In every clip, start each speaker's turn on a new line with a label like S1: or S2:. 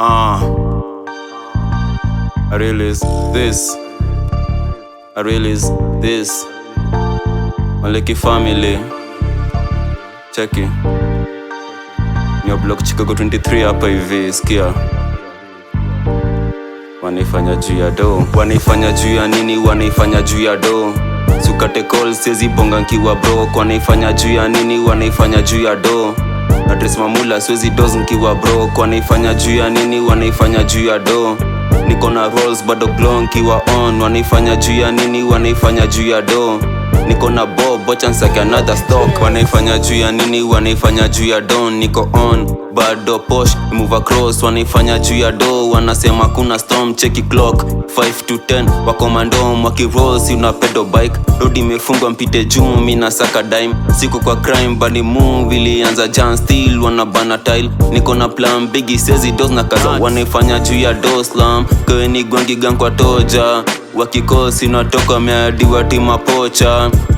S1: Uh, I realize this. I realize this. Maliki family. Check it. Your block Chicago 23 hapa hivi, skia wanaifanya juu ya do, wanaifanya juu ya nini? Wanaifanya juu ya do sukate call, sezi bonga nkiwa bro, wanaifanya juu ya nini? Wanaifanya juu ya do Adres mamula siwezi dos nkiwa bro, wanaifanya juu ya nini? Wanaifanya juu ya do. Niko na rolls bado glow nkiwa on, wanaifanya juu ya nini? Wanaifanya juu ya do niko na bob wacha another stock wanaifanya juu ya nini wanaifanya juu ya don niko on bado posh move across wanaifanya juu ya do wanasema kuna storm cheki clock 5 to 10 wakomandom wakirosi una pedo bike rodi imefungwa mpite juu mi saka dime siku kwa crime bali move ilianza jan wana bana tile niko na plan bigi sezi dos na kaza wanaifanya juu ya do slam ni gwangi gang kwa toja wa kikosi natoka ameadiwa tima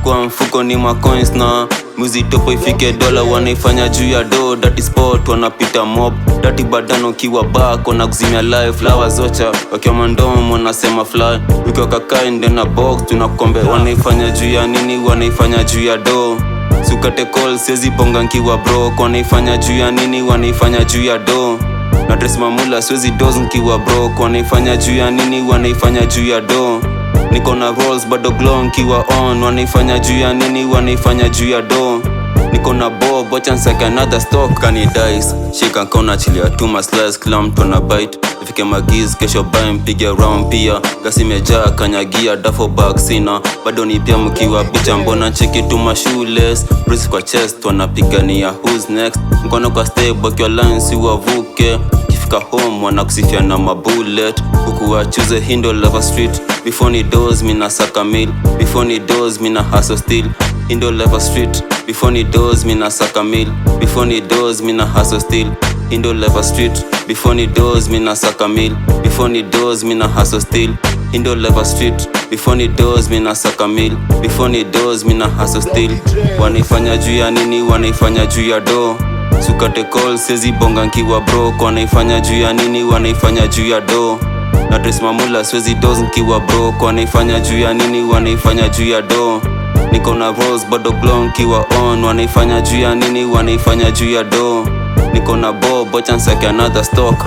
S1: kwa mfuko ni macoins na muzi topo ifike dola wanaifanya juu ya do dati sport wanapita mob dati badano kiwa bako na kuzimia live flower zocha wakiwa mandomo wanasema fly ukiwa kakai na box tunakombe wanaifanya juu ya nini wanaifanya juu ya do sukate call siezi bonga nkiwa bro wanaifanya juu ya nini wanaifanya juu ya do na dress mamula siwezi dos nkiwa bro wanaifanya juu ya nini wanaifanya juu ya do niko na rolls bado glow nkiwa on wanaifanya juu ya nini wanaifanya juu ya do niko na bob wacha nsake another stock kani dice shika kona chilia tuma slice kila mtu bite ifike magiz kesho bai mpige round pia gasi imejaa kanyagia dafo bag sina bado ni pia mkiwa picha mbona cheki tuma shoeless bris kwa chest wanapigania who's next mkono kwa step wakiwa line si wavuke kifika home kusifia na mabullet huku wachuze hindo lava street before ni dos mina saka mil before ni dos mina haso indo level street before ni doors mina saka mil before ni doors mina hustle still indo level street before ni doors mina saka mil before ni doors mina hustle still indo level street before ni doors mina saka mil before ni doors mina hustle still wanaifanya juu ya nini wanaifanya juu ya doo sukate call sezi bonga nkiwa brok wanaifanya juu ya nini wanaifanya juu ya do na mamula swezi dos nkiwa brok wanaifanya juu ya nini wanaifanya juu ya do niko na rose bado glow nkiwa on wanaifanya juu ya nini wanaifanya juu ya do niko na bo bocha another stock